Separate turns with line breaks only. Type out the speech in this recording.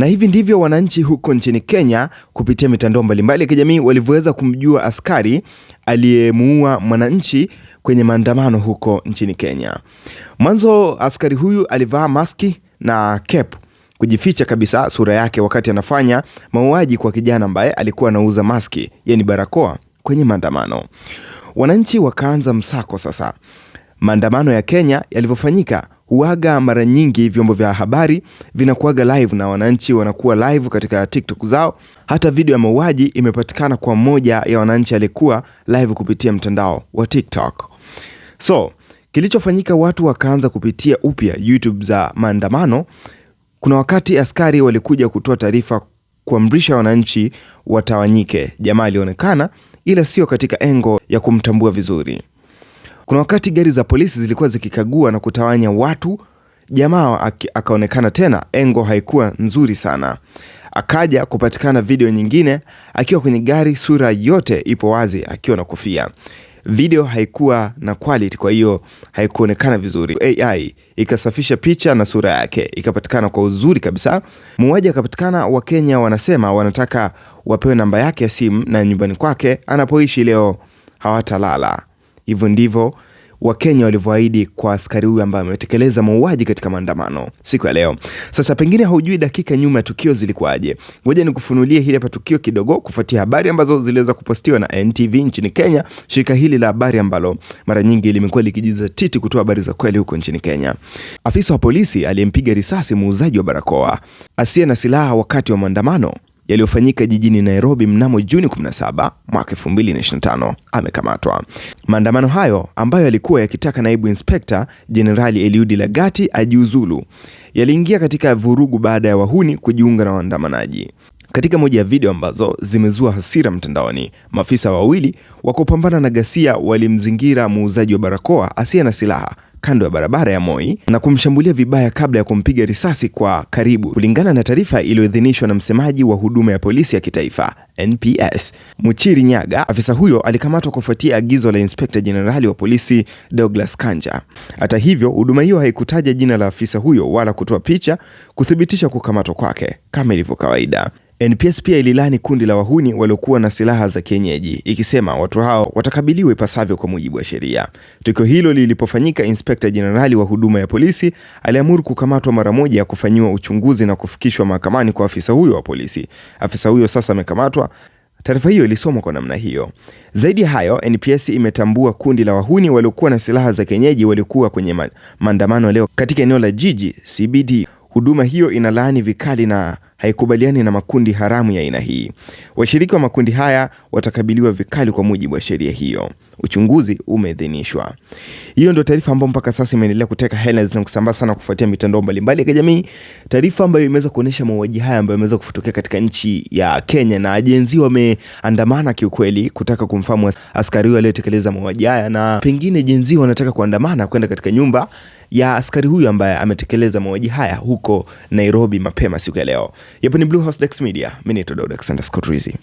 Na hivi ndivyo wananchi huko nchini Kenya kupitia mitandao mbalimbali ya kijamii walivyoweza kumjua askari aliyemuua mwananchi kwenye maandamano huko nchini Kenya. Mwanzo askari huyu alivaa maski na cap kujificha kabisa sura yake wakati anafanya mauaji kwa kijana ambaye alikuwa anauza maski, yani barakoa kwenye maandamano. Wananchi wakaanza msako sasa. Maandamano ya Kenya yalivyofanyika huaga mara nyingi vyombo vya habari vinakuaga live na wananchi wanakuwa live katika TikTok zao. Hata video ya mauaji imepatikana kwa moja ya wananchi aliyekuwa live kupitia mtandao wa TikTok. So kilichofanyika, watu wakaanza kupitia upya YouTube za maandamano. Kuna wakati askari walikuja kutoa taarifa kuamrisha wananchi watawanyike. Jamaa alionekana ila sio katika engo ya kumtambua vizuri. Kuna wakati gari za polisi zilikuwa zikikagua na kutawanya watu, jamaa akaonekana tena, engo haikuwa nzuri sana. Akaja kupatikana video nyingine akiwa kwenye gari, sura yote ipo wazi, akiwa na kofia. Video haikuwa na quality, kwa hiyo haikuonekana vizuri. AI ikasafisha picha na sura yake ikapatikana kwa uzuri kabisa. Muuaji akapatikana. Wakenya wanasema wanataka wapewe namba yake ya simu na nyumbani kwake anapoishi, leo hawatalala. Hivyo ndivyo Wakenya walivyoahidi kwa askari huyu ambaye ametekeleza mauaji katika maandamano siku ya leo. Sasa pengine haujui dakika nyuma ya tukio zilikuwaje, ngoja nikufunulie hili hapa tukio kidogo, kufuatia habari ambazo ziliweza kupostiwa na NTV nchini Kenya, shirika hili la habari ambalo mara nyingi limekuwa likijizatiti kutoa habari za kweli huko nchini Kenya. Afisa wa polisi aliyempiga risasi muuzaji wa barakoa asiye na silaha wakati wa maandamano yaliyofanyika jijini Nairobi mnamo Juni 17 mwaka 2025 amekamatwa. Maandamano hayo ambayo yalikuwa yakitaka naibu inspekta jenerali Eliudi Lagati ajiuzulu yaliingia katika vurugu baada ya wahuni kujiunga na waandamanaji. Katika moja ya video ambazo zimezua hasira mtandaoni, maafisa wawili wa kupambana na ghasia walimzingira muuzaji wa barakoa asiye na silaha kando ya barabara ya Moi na kumshambulia vibaya kabla ya kumpiga risasi kwa karibu, kulingana na taarifa iliyoidhinishwa na msemaji wa huduma ya polisi ya kitaifa NPS Muchiri Nyaga. Afisa huyo alikamatwa kufuatia agizo la inspekta jenerali wa polisi Douglas Kanja. Hata hivyo, huduma hiyo haikutaja jina la afisa huyo wala kutoa picha kuthibitisha kukamatwa kwake kama ilivyo kawaida. NPS pia ililani kundi la wahuni waliokuwa na silaha za kienyeji ikisema watu hao watakabiliwa ipasavyo kwa mujibu wa sheria. Tukio hilo lilipofanyika, Inspekta Jenerali wa huduma ya polisi aliamuru kukamatwa mara moja, kufanyiwa uchunguzi na kufikishwa mahakamani kwa afisa huyo wa polisi. Afisa huyo sasa amekamatwa. Taarifa hiyo ilisomwa kwa namna hiyo. Zaidi ya hayo, NPS imetambua kundi la wahuni waliokuwa na silaha za kienyeji waliokuwa kwenye maandamano leo katika eneo la jiji CBD. Huduma hiyo inalaani vikali na haikubaliani na makundi haramu ya aina hii. Washiriki wa makundi haya watakabiliwa vikali kwa mujibu wa sheria hiyo. Uchunguzi umeidhinishwa. Hiyo ndio taarifa ambayo mpaka sasa imeendelea kuteka headlines na kusambaa sana kufuatia mitandao mbalimbali ya kijamii, taarifa ambayo imeweza kuonyesha mauaji haya ambayo yameweza kufutokea katika nchi ya Kenya, na ajenzi wameandamana kiukweli kutaka kumfahamu askari huyo aliyetekeleza mauaji haya, na pengine jenzi wanataka kuandamana kwenda katika nyumba ya askari huyu ambaye ametekeleza mauaji haya huko Nairobi mapema siku ya leo. Yapo ni Blue House Dax Media, mimi ni Todd Alexander Scott Rizzi.